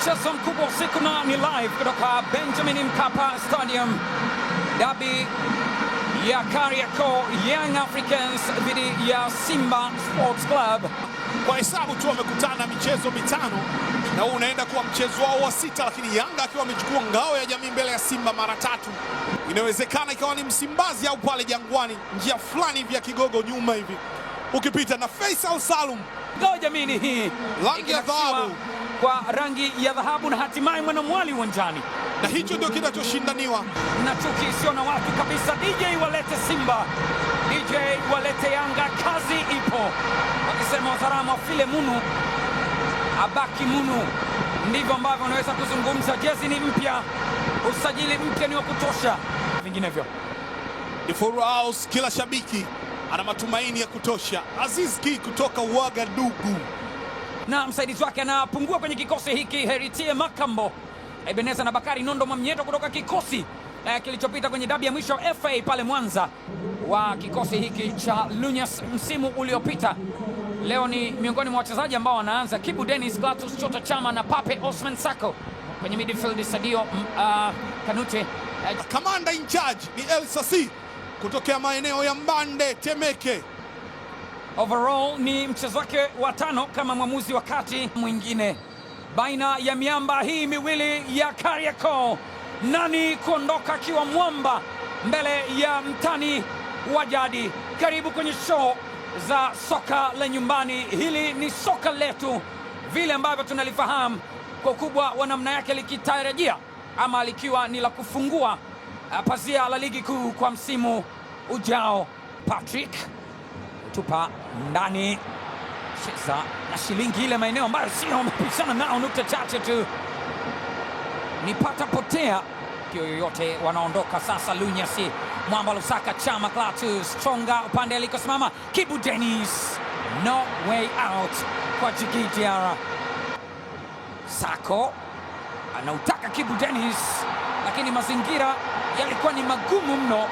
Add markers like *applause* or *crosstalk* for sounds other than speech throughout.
Mchezo mkubwa usiku na ni live kutoka Benjamin Mkapa Stadium, dabi ya Kariakoo, Young Africans dhidi ya Simba Sports Club. Kwa hesabu tu wamekutana michezo mitano na huu unaenda kuwa mchezo wao wa sita, lakini Yanga akiwa amechukua ngao ya jamii mbele ya Simba mara tatu. Inawezekana ikawa ni Msimbazi au pale Jangwani, njia fulani hivi ya Kigogo nyuma hivi ukipita na Faisal Salum, ngao jamii hii rangi ya dhahabu kwa rangi ya dhahabu na hatimaye mwanamwali uwanjani, na hicho ndio kinachoshindaniwa na chuki isiyo na watu kabisa. DJ walete Simba, DJ walete Yanga, kazi ipo. Wakisema Wazaramo afile munu abaki munu, ndivyo ambavyo unaweza kuzungumza. Jezi ni mpya, usajili mpya ni wa kutosha, vinginevyo ni full house. Kila shabiki ana matumaini ya kutosha. Aziz Ki kutoka Uaga Dugu na msaidizi wake anapungua kwenye kikosi hiki Heritie Makambo. Ebeneza na Bakari Nondo Mamnyeto kutoka kikosi eh, kilichopita kwenye dabi ya mwisho FA pale Mwanza wa kikosi hiki cha Lunyas msimu uliopita. Leo ni miongoni mwa wachezaji ambao wanaanza Kibu Dennis, Glatus Chota Chama na Pape Osman Sako kwenye midfield Sadio uh, Kanute. Kamanda in charge ni Elsa C kutokea maeneo ya Mbande Temeke. Overall ni mchezo wake wa tano kama mwamuzi wakati mwingine baina ya miamba hii miwili ya Kariakoo. Nani kuondoka akiwa mwamba mbele ya mtani wa jadi? Karibu kwenye show za soka la nyumbani. Hili ni soka letu vile ambavyo tunalifahamu kwa ukubwa wa namna yake, likitarajia ama likiwa ni la kufungua eh, pazia la ligi kuu kwa msimu ujao. Patrick tupa ndani cheza na shilingi ile maeneo ambayo sio wamepishana nao nukta chache tu, pata potea kio yoyote. Wanaondoka sasa, Lunyasi Mwamba, Lusaka, Chama, klatu Chonga upande alikosimama Kibu denis no way out kwa Djigui Diarra. Sako anautaka Kibu Denis, lakini mazingira yalikuwa ni magumu mno,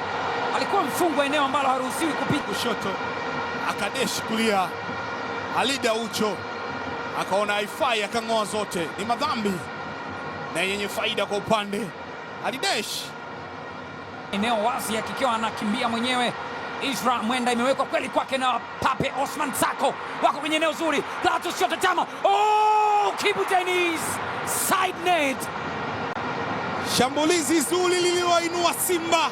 alikuwa mfungwa eneo ambalo haruhusiwi kupiga kushoto akadeshi kulia, alida ucho akaona haifai, akang'oa zote. Ni madhambi na yenye faida kwa upande alideshi eneo wazi, akikiwa anakimbia mwenyewe. Isra Mwenda imewekwa kweli kwake na Pape Osman Sako, wako kwenye eneo zuri. Clatous Chota Chama, oh, Kibu Denis side net, shambulizi zuri lililoinua Simba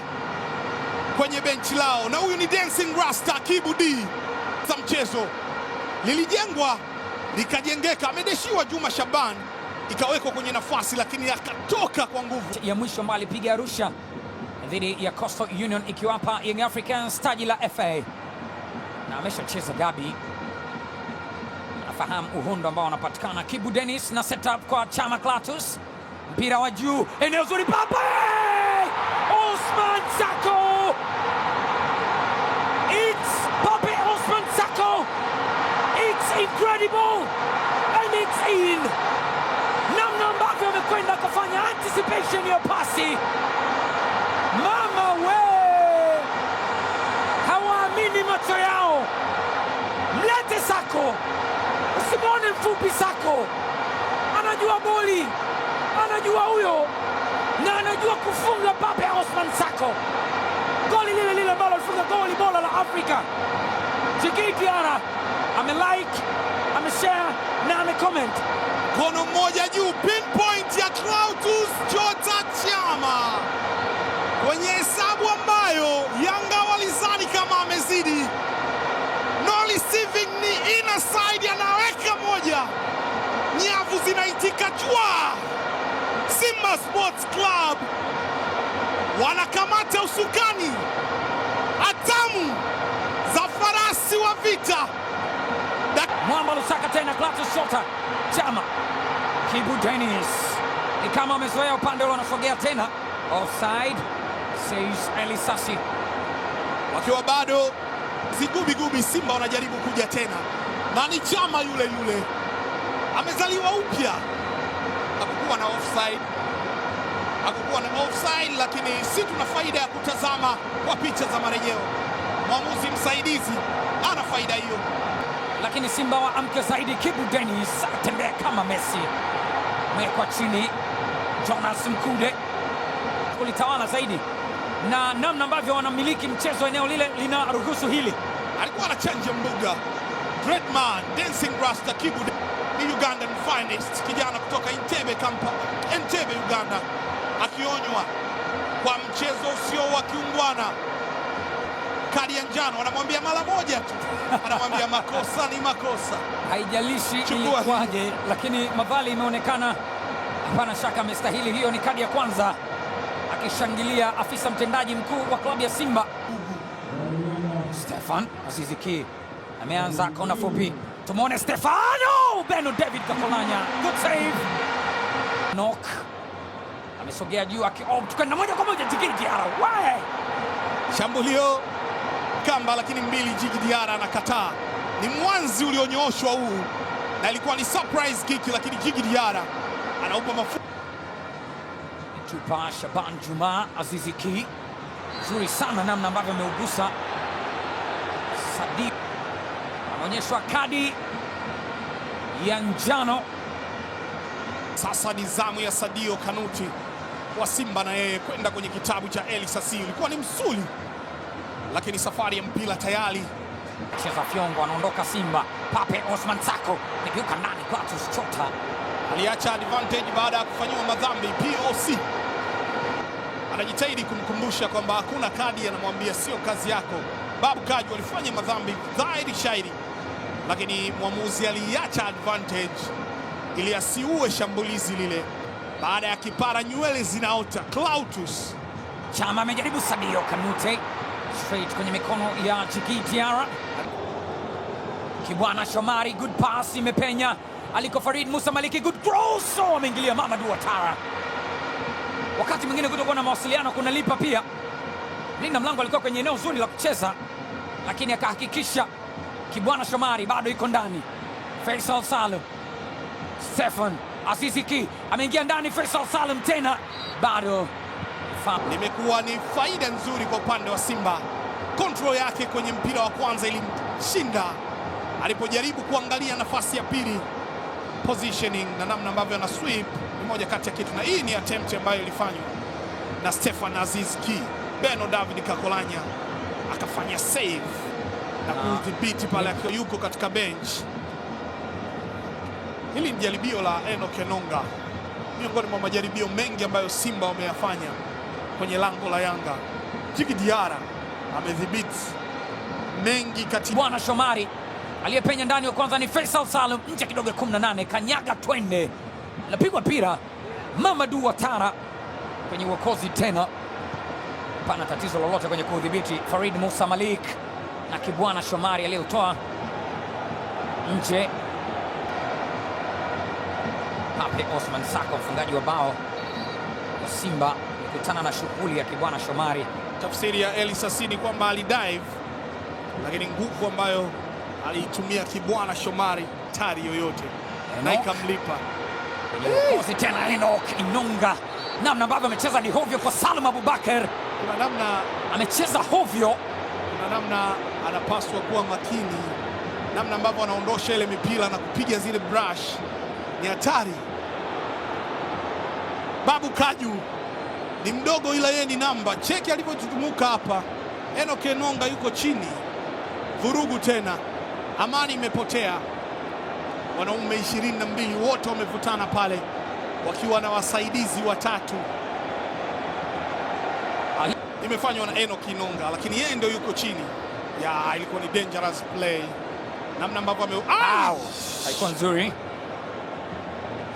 kwenye benchi lao, na huyu ni Dancing Rasta Kibu D. mchezo lilijengwa likajengeka, amedeshiwa Juma Shaban ikawekwa kwenye nafasi, lakini akatoka kwa nguvu ya mwisho ambayo alipiga Arusha dhidi ya Coastal Union ikiwapa Young Africans taji la FA, na ameshacheza dabi, anafahamu uhondo ambao wanapatikana. Kibu Dennis na setup kwa Chama Clatous, mpira wa juu, eneo zuri, Pape Osman Sako incredible and it's in. Namna ambavyo amekwenda akafanya anticipation ya pasi, mama we, hawaamini macho yao. Mlete Sako, usimwone mfupi. Sako anajua boli, anajua huyo na anajua kufunga bape ya Osman Sako, goli lile lile ambalo alifunga goli bola la Afrika. Chikitiara amelike share na amecomment. Mkono mmoja juu, pinpoint ya Clatous Chota Chama kwenye hesabu ambayo Yanga walizani kama amezidi. No receiving ni inaside, anaweka moja, nyavu zinaitika chwa Simba Sports Club wanakamata usukani atamu tatu shota Chama Kibu Dennis ni kama amezoea upande ule, anasogea tena. Offside says Elisasi, wakiwa bado zigubigubi. Simba wanajaribu kuja tena, na ni Chama yule yule amezaliwa upya. Hakukuwa na offside, hakukuwa na offside, lakini si tuna faida ya kutazama kwa picha za marejeo. Mwamuzi msaidizi ana faida hiyo lakini Simba wa amke zaidi. Kibu Denis atembea kama Messi, mekwa chini. Jonas Mkude kulitawala zaidi na namna ambavyo wanamiliki mchezo eneo lile linaruhusu hili. Alikuwa chanje mbuga great man dancing rasta Kibu ni Ugandan finest, kijana kutoka Entebbe kampa Entebbe Uganda, akionywa kwa mchezo usio wa kiungwana kadi ya njano, anamwambia mara moja tu, anamwambia makosa ni makosa, haijalishi ilikwaje, lakini Mavali imeonekana hapana shaka amestahili. Hiyo ni kadi ya kwanza, akishangilia afisa mtendaji mkuu wa klabu ya Simba Stefan Aziziki ameanza kona fupi, tumwone Stefano Beno David Kakolanya, good save. knock, amesogea juu akikwenda oh, moja kwa moja, tikiti ara, shambulio Makamba, lakini mbili Jiji Diara anakataa. Ni mwanzi ulionyooshwa huu, na ilikuwa ni surprise kick, lakini Jiji Diara anaupa mafu. Chupa Shaban Juma Aziziki, nzuri sana namna ambavyo ameugusa. Sadiq anaonyeshwa kadi ya njano. Sasa ni zamu ya Sadio Kanuti wa Simba na yeye kwenda kwenye kitabu cha Elisasi. ilikuwa ni msuli lakini safari ya mpira tayari cheza fyongo, anaondoka Simba. Pape Osman Sako nigeuka ndani, kwa Chota aliacha advantage baada ya kufanyiwa madhambi. POC anajitahidi kumkumbusha kwamba hakuna kadi, anamwambia sio kazi yako. Babu Kaji walifanya madhambi dhahiri shairi, lakini mwamuzi aliacha advantage ili asiue shambulizi lile. Baada ya kipara nywele zinaota. Clatous Chama amejaribu, Sadio Kanute straight kwenye mikono ya Chiki Tiara. Kibwana Shomari, good pass, imepenya aliko Farid Musa Maliki, good cross, oh, ameingilia Mamadou Watara. Wakati mwingine kutokuwa na mawasiliano kunalipa pia. Linda mlango alikuwa kwenye eneo zuri la kucheza, lakini akahakikisha Kibwana Shomari bado iko ndani. Faisal Salum, Stefan Aziziki ameingia ndani. Faisal Salum tena bado faul. Limekuwa ni faida nzuri kwa upande wa Simba. Kontrol yake kwenye mpira wa kwanza ilimshinda alipojaribu kuangalia nafasi ya pili, positioning na namna ambavyo ana sweep ni moja kati ya kitu, na hii ni attempt ambayo ilifanywa na Stefan Aziz Ki. Beno David Kakolanya akafanya save na kudhibiti pale akiwa yuko katika bench. Hili ni jaribio la Eno Enonga, miongoni mwa majaribio mengi ambayo Simba wameyafanya kwenye lango la Yanga. Jiki Diara amedhibiti mengi kati. Bwana Shomari aliyepenya ndani wa kwanza ni Faisal Salum, nje kidogo ya 18, kanyaga twende, napigwa pira Mamadu Watara kwenye uokozi tena, pana tatizo lolote kwenye kudhibiti. Farid Musa Malik na Kibwana Shomari aliyeutoa nje. Pape Osman Sako, mfungaji wa bao wa Simba kukutana na shughuli ya kibwana Shomari. Tafsiri ya Elisa Sini kwamba alidive, lakini nguvu ambayo aliitumia kibwana Shomari tari yoyote na ikamlipa kozi tena. Enok Inunga, namna ambavyo amecheza ni hovyo kwa Salum Abubakar, kuna namna amecheza hovyo, kuna namna anapaswa kuwa makini, namna ambavyo anaondosha ile mipira na kupiga zile brush ni hatari. Babu Kaju ni mdogo, ila yeye ni namba. Cheki alivyotutumuka hapa. Enock Enonga yuko chini, vurugu tena, amani imepotea. Wanaume ishirini na mbili wote wamevutana pale wakiwa na wasaidizi watatu, imefanywa na Enock Enonga, lakini yeye ndio yuko chini. Ya, ilikuwa ni dangerous play namna ambavyo ame... haikuwa nzuri,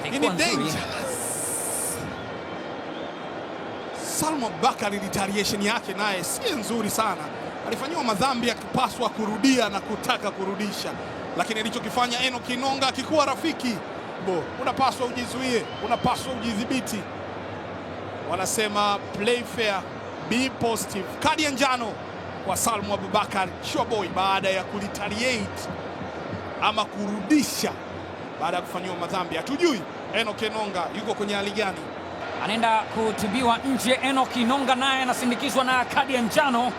haikuwa nzuri. salmu Abubakari retaliation yake naye si nzuri sana, alifanyiwa madhambi akipaswa kurudia na kutaka kurudisha, lakini alichokifanya Eno Kinonga akikuwa rafiki bo, unapaswa ujizuie, unapaswa ujidhibiti. Wanasema play fair, be positive. Kadi ya njano kwa salmu abubakar sure boy, baada ya kuretaliate ama kurudisha baada ya kufanyiwa madhambi. Hatujui Eno Kinonga yuko kwenye hali gani? anaenda kutibiwa nje. Enoki Nonga naye anasindikizwa na kadi ya njano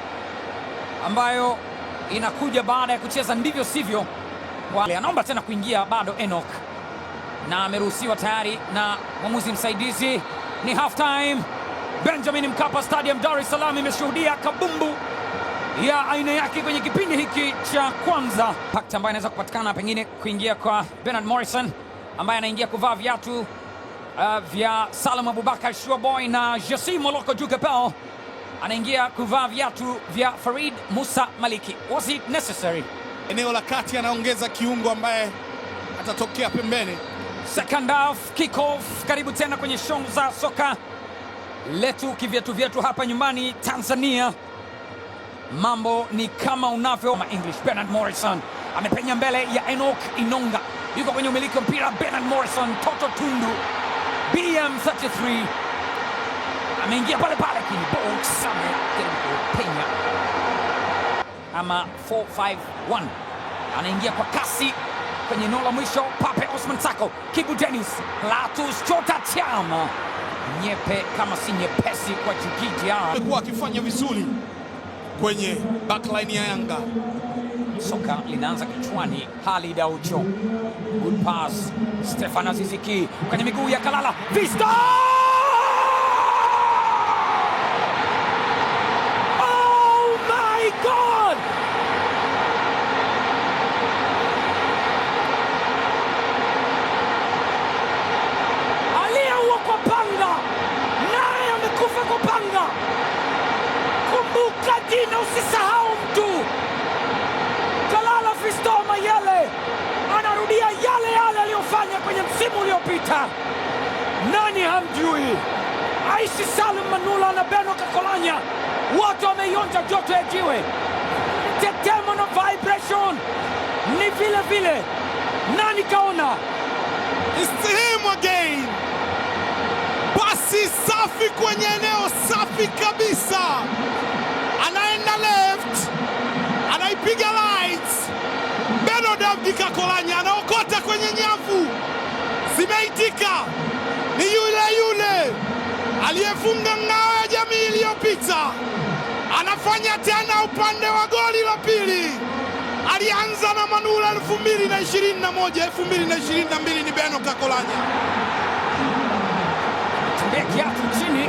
ambayo inakuja baada ya kucheza ndivyo sivyo. Anaomba tena kuingia, bado Enoch na ameruhusiwa tayari na mwamuzi msaidizi. Ni half time. Benjamin Mkapa Stadium, Dar es Salaam imeshuhudia kabumbu ya aina yake kwenye kipindi hiki cha kwanza. Pakta ambaye anaweza kupatikana pengine kuingia kwa Bernard Morrison ambaye anaingia kuvaa viatu uh, vya Salam Abubakar Shuaboy na Jassim Moloko Jukepao anaingia kuvaa viatu vya Farid Musa Maliki. Was it necessary? Eneo la kati anaongeza kiungo ambaye atatokea pembeni. Second half kick off, karibu tena kwenye show za soka letu kivyatu vyetu hapa nyumbani Tanzania. Mambo ni kama unavyo English. Bernard Morrison amepenya mbele ya Enoch Inonga, yuko kwenye umiliki wa mpira. Bernard Morrison, Toto Tundu BM33 ameingia pale pale kwenye box, amepenya ama 451 anaingia kwa kasi kwenye eneo la mwisho. Pape Osman Sako, Kibu Dennis, platus Chota Chama, nyepe kama si nyepesi kwa Djigui amekuwa akifanya vizuri kwenye backline ya Yanga soka linaanza kichwani. Halid Aucho, good pass. Stefan Aziziki kwenye miguu ya Kalala Vista Kenyatta. Nani hamjui? Aishi Salim Manula na Beno Kakolanya wote wameionja joto ya jiwe. Tetemo na vibration ni vile vile. Nani kaona? It's him again. Basi safi kwenye eneo safi kabisa, anaenda left, anaipiga lights. Beno Davdi Kakolanya anaokota kwenye nyavu zimeitika. Ni yule yule aliyefunga ngao ya jamii iliyopita, anafanya tena upande wa goli la pili. Alianza na Manula 2021 2022, ni Beno Kakolanya tembeki chini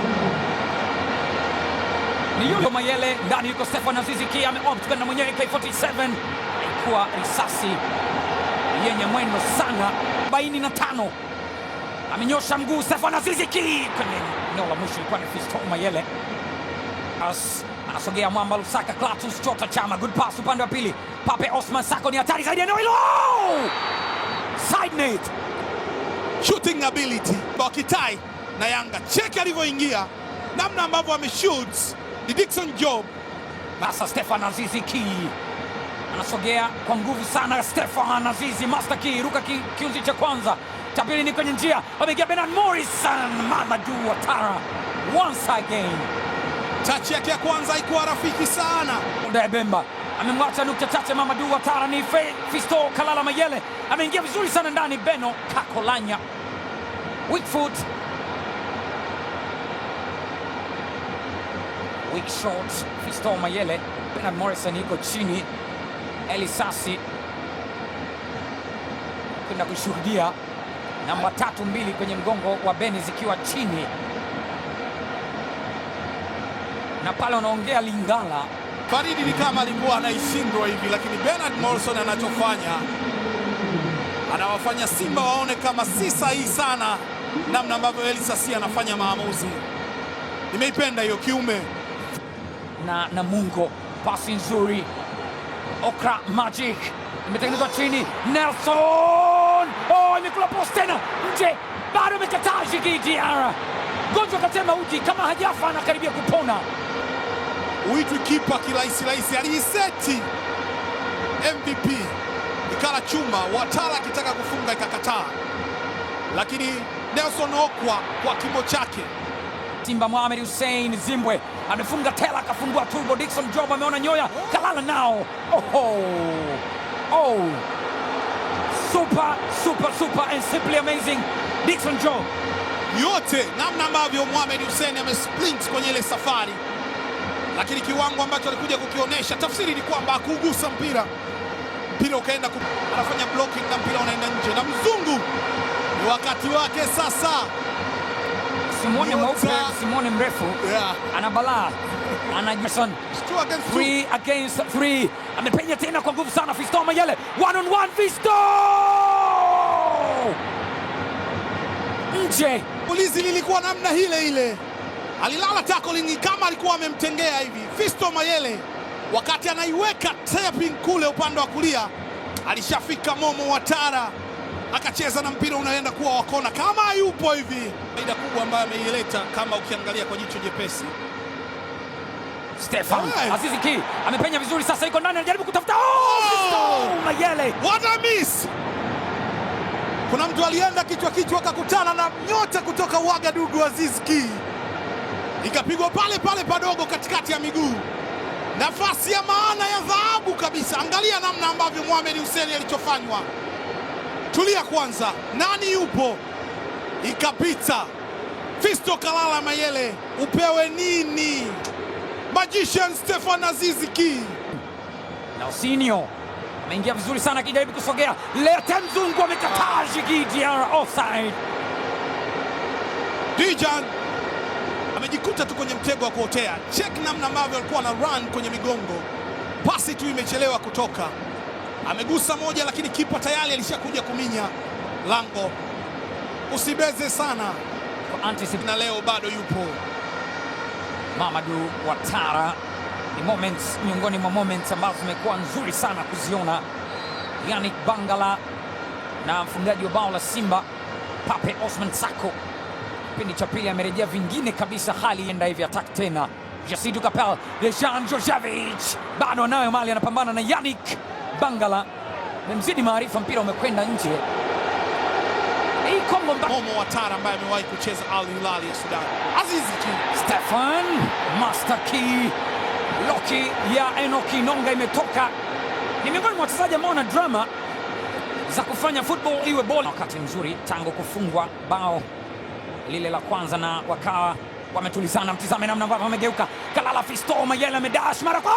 ni yule Mayele ndani yuko Stefan Azizi Ki ameoa kwenda mwenyewe K47, ilikuwa risasi yenye mwendo sana, 45 amenyosha mguu Stefan Aziz Ki kwenye eneo la mwisho, ilikuwa ni Fiston Mayele anasogea mwamba Lusaka, Clatous Chota Chama, good pass upande wa pili, Pape Osman Sako ni hatari zaidi eneo hilo, side net shooting ability wakitai na Yanga. Cheki alivyoingia namna ambavyo ameshoot ni Dickson Job, sasa Stefan Aziz Ki anasogea kwa nguvu sana. Stefan Azizi Master Key ruka ki, kiunzi cha kwanza cha pili ni kwenye njia, ameingia Bernard Morrison, Mamadou Watara once again. Tachi yake ya kwanza ikuwa rafiki sana. Onda Bemba amemwacha nukta chache. Mamadou Watara ni fe, Fisto Kalala Mayele ameingia vizuri sana ndani. Beno Kakolanya foot weak shot Fisto Mayele. Bernard Morrison iko chini. Elisasi kwenda kuishuhudia namba tatu mbili kwenye mgongo wa Beni zikiwa chini, na pale unaongea Lingala Faridi ni kama alikuwa anaishindwa hivi, lakini Bernard Morrison anachofanya anawafanya Simba waone kama si sahihi sana namna ambavyo Elisasi anafanya maamuzi. Nimeipenda hiyo kiume na Namungo, pasi nzuri Okra Magic imetengenezwa chini, Nelson oh, imekula post tena nje, bado amekataa Dr Gonjwa katema uji kama hajafa anakaribia kupona. Uitwi kipa kirahisi rahisi, aliiseti MVP ikala chuma, watala akitaka kufunga ikakataa, lakini Nelson Okwa kwa kimo chake Simba Mohamed Hussein Zimbwe amefunga tela, akafungua turbo. Dickson Job ameona nyoya, kalala nao. Oho. Oh. Super, super, super and simply amazing Dickson Job, yote namna ambavyo Mohamed Hussein amesprint kwenye ile safari, lakini kiwango ambacho alikuja kukionyesha, tafsiri ni kwamba akugusa mpira, mpira ukaenda, anafanya blocking na mpira unaenda nje, na mzungu ni wakati wake sasa. Simone mweupe, Simone mrefu ana balaa, ana Jason three against three, amepenya tena kwa nguvu sana. Fisto Mayele one on one, Fisto nje. Polisi lilikuwa namna hile ile, alilala tackling kama alikuwa amemtengea hivi. Fisto Mayele wakati anaiweka tapping kule upande wa kulia, alishafika Momo Watara akacheza na mpira unaenda kuwa wakona kama yupo hivi. Faida kubwa ambayo ameileta kama ukiangalia kwa jicho jepesi Stefan Azizi Ki amepenya vizuri, sasa iko ndani, anajaribu kutafuta oh, oh! Mayele, a miss. Kuna mtu alienda kichwa kichwa akakutana na nyota kutoka Wagadugu, Azizi Ki ikapigwa pale pale padogo katikati ya miguu. Nafasi ya maana ya dhahabu kabisa. Angalia namna ambavyo Mohamed Hussein alichofanywa tulia kwanza, nani yupo? Ikapita. Fisto Kalala Mayele, upewe nini? Magician Stefan Azizi Ki ameingia vizuri sana akijaribu kusogea, lete mzungu amekataa. ya offside. Dijan amejikuta tu kwenye mtego wa kuotea. Check namna ambavyo alikuwa na run kwenye migongo, pasi tu imechelewa kutoka amegusa moja, lakini kipa tayari alishakuja kuminya lango. Usibeze sana kwa anticipation, na leo bado yupo mamadu Watara. Ni moments miongoni mwa moments ambazo zimekuwa nzuri sana kuziona Yannick Bangala na mfungaji wa bao la Simba Pape Osman Sako. Kipindi cha pili amerejea vingine kabisa, hali enda hivi attack tena. Jasidu Kapel, Dejan Jojevic bado anayo mali, anapambana na Yannick Bangala memzidi maarifa, mpira umekwenda nje. Hii kombo Momo Watara ambaye amewahi kucheza Al Hilal ya Sudan. Azizi ki Stefan Master Key loki ya Enoki Nonga imetoka. Ni miongoni mwa wachezaji ambao na drama za kufanya football iwe bora. Wakati mzuri tangu kufungwa bao lile la kwanza, na wakawa wametulizana. Mtizame namna ambavyo wamegeuka. Kalala Fisto Mayele amedash mara kwa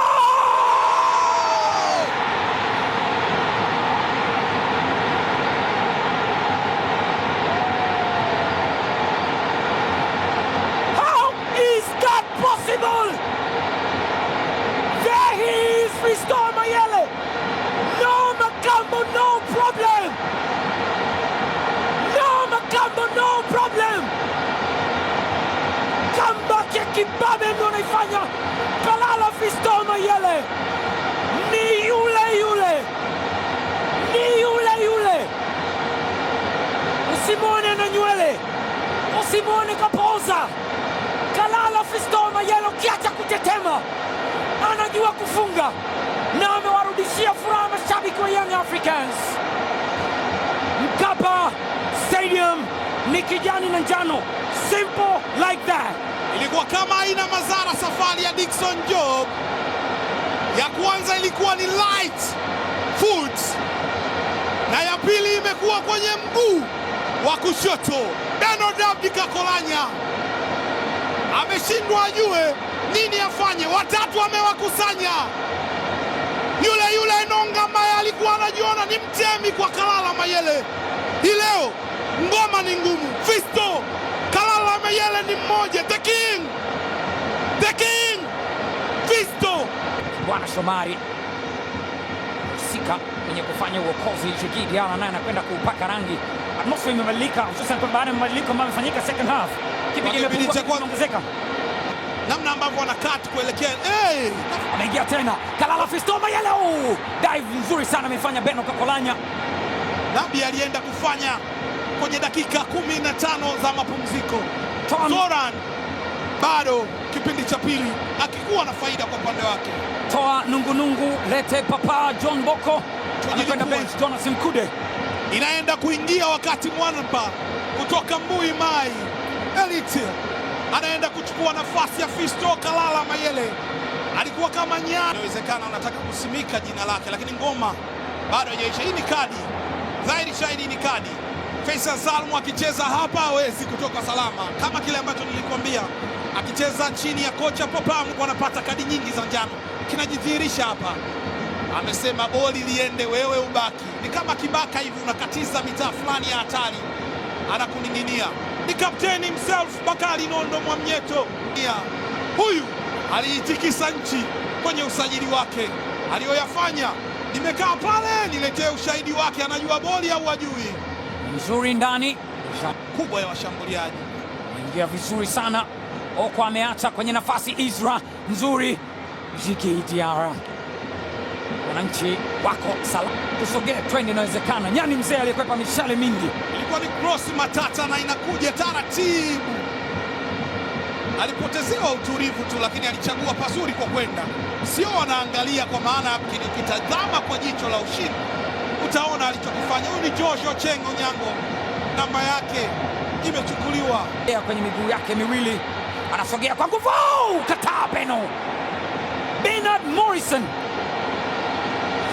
hakiacha kutetema, anajua kufunga na amewarudishia furaha mashabiki wa Young Africans. Mkapa Stadium ni kijani na njano, simple like that. Ilikuwa kama haina madhara safari ya Dickson Job. Ya kwanza ilikuwa ni light foot na ya pili imekuwa kwenye mguu wa kushoto. Benard Abdi Kakolanya ameshindwa ajue nini afanye? Watatu wamewakusanya. Yule yule Enonga ambaye alikuwa anajiona ni mtemi kwa Kalala Mayele, hii leo ngoma ni ngumu. Fisto Kalala Mayele ni mmoja, the king, the king Fisto. Bwana Shomari husika kwenye kufanya uokozi Djigui Diarra naye anakwenda kuupaka rangi. Atmosfera imebadilika, hususan kwa baada ya mabadiliko ambayo yamefanyika second half, kipigo kimeongezeka namna ambavyo cut kuelekea hey! Ameingia tena kalala Fiston Mayele, oh! dive nzuri sana amefanya Beno Kakolanya. Nabi alienda kufanya kwenye dakika 15 za mapumziko. Zoran bado kipindi cha pili akikuwa na faida kwa upande wake. Toa nungunungu, lete papa John Boko anakwenda bench. Jonas Mkude inaenda kuingia wakati mwanba kutoka Mbui Mai Elite anaenda kuchukua nafasi ya Fisto Kalala Mayele. Alikuwa kama nyani, inawezekana anataka kusimika jina lake, lakini ngoma bado haijaisha. Hii ni kadi dhahiri shahidi, ni kadi. Faisal salmu akicheza hapa hawezi kutoka salama, kama kile ambacho nilikwambia, akicheza chini ya kocha Popam wanapata kadi nyingi za njano. Kinajidhihirisha hapa, amesema boli liende, wewe ubaki. Ni kama kibaka hivi, unakatiza mitaa fulani ya hatari, anakuning'inia. Ni kapteni himself Bakari Nondo Mwamnyeto. Huyu aliitikisa nchi kwenye usajili wake, aliyoyafanya nimekaa pale, niletee ushahidi wake. Anajua boli au hajui? Nzuri ndani kubwa ya washambuliaji, ingia vizuri sana. Oko ameacha kwenye nafasi, Izra nzuri, Jiki Diara wananchi wako salama. Tusogee, twende, inawezekana. Nyani mzee aliyekwepa mishale mingi, ilikuwa ni cross matata na inakuja taratibu. Alipotezewa utulivu tu, lakini alichagua pazuri kwa kwenda, sio wanaangalia kwa maana, kilikitazama kwa jicho la ushindi utaona alichokifanya. Huyu ni josho Chengo Nyango, namba yake imechukuliwa kwenye miguu yake miwili, anasogea kwa nguvu, kataa peno. Bernard Morrison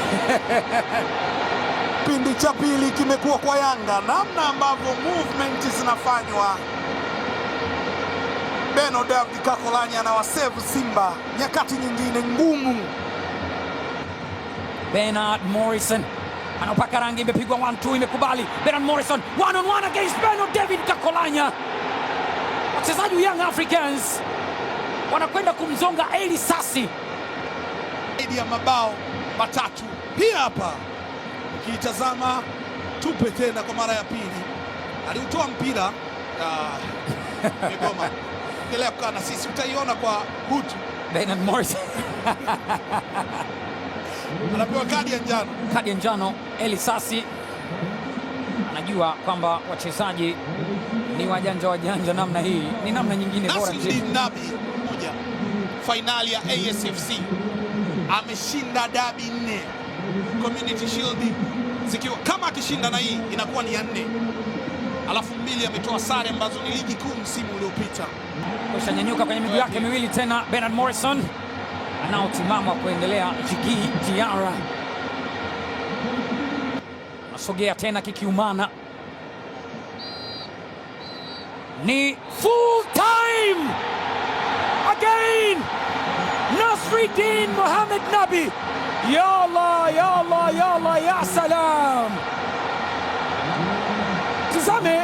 *laughs* Kipindi cha pili kimekuwa kwa Yanga, namna ambavyo movement zinafanywa. Beno David Kakolani anawasevu Simba nyakati nyingine ngumu. Bernard Morrison anaopaka rangi, imepigwa 1-2, imekubali. Bernard Morrison one on one against Beno David Kakolanya. Wachezaji wa Young Africans wanakwenda kumzonga Eli Sasi, zaidi ya mabao matatu. Pia hapa ukiitazama tupe tena kwa mara ya pili, aliutoa mpira Migoma, ah, *laughs* endelea kukaa na sisi, utaiona kwa hutu Bernard Morris *laughs* anapewa kadi ya njano, kadi ya njano. Eli Sasi anajua kwamba wachezaji ni wajanja wajanja, namna hii ni namna nyingine bora. Nabi moja fainali ya ASFC ameshinda dabi nne. Community Shield zikiwa kama akishinda na hii inakuwa ni ya nne, alafu mbili ametoa sare ambazo ni ligi kuu msimu uliopita. Kushanyanyuka kwenye miguu yake miwili tena, Bernard Morrison anaotimama kuendelea jigi tiara, anasogea tena kikiumana, ni full time again, Nasruddin Mohamed Nabi يا الله يا الله يا الله يا سلام تزامي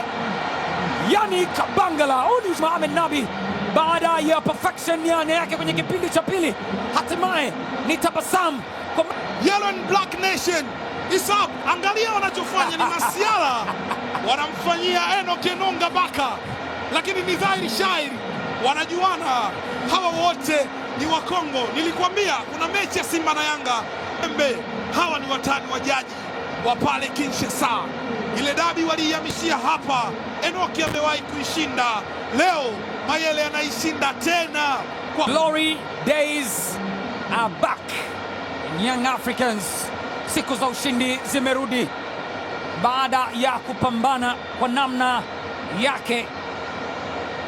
yani kabangala huyu ni Mohamed Nabi baada ya perfection yane yake kwenye kipindi cha pili hatimaye ni tabasamu Yellow and Black Nation up angalia wanachofanya ni masiala *laughs* wanamfanyia eno Enonga Baka, lakini ni dhahiri shairi wanajuana hawa wote ni wa Kongo. Nilikwambia kuna mechi ya Simba na Yanga embe Hawa ni watani wa jaji wa pale Kinshasa. Ile dabi waliihamishia hapa. Enoki amewahi kuishinda, leo Mayele anaishinda tena kwa... Glory days are back in Young Africans. Siku za ushindi zimerudi baada ya kupambana kwa namna yake.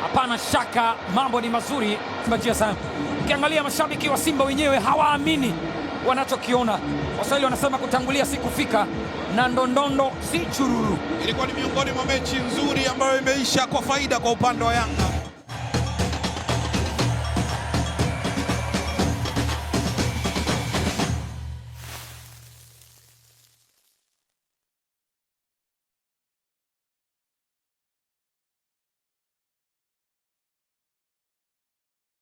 Hapana shaka mambo ni mazuri, bajia sana. Ukiangalia mashabiki wa Simba wenyewe hawaamini wanachokiona. Waswahili wanasema kutangulia si kufika na ndondondo si chururu. Ilikuwa ni miongoni mwa mechi nzuri ambayo imeisha kwa faida kwa upande wa Yanga.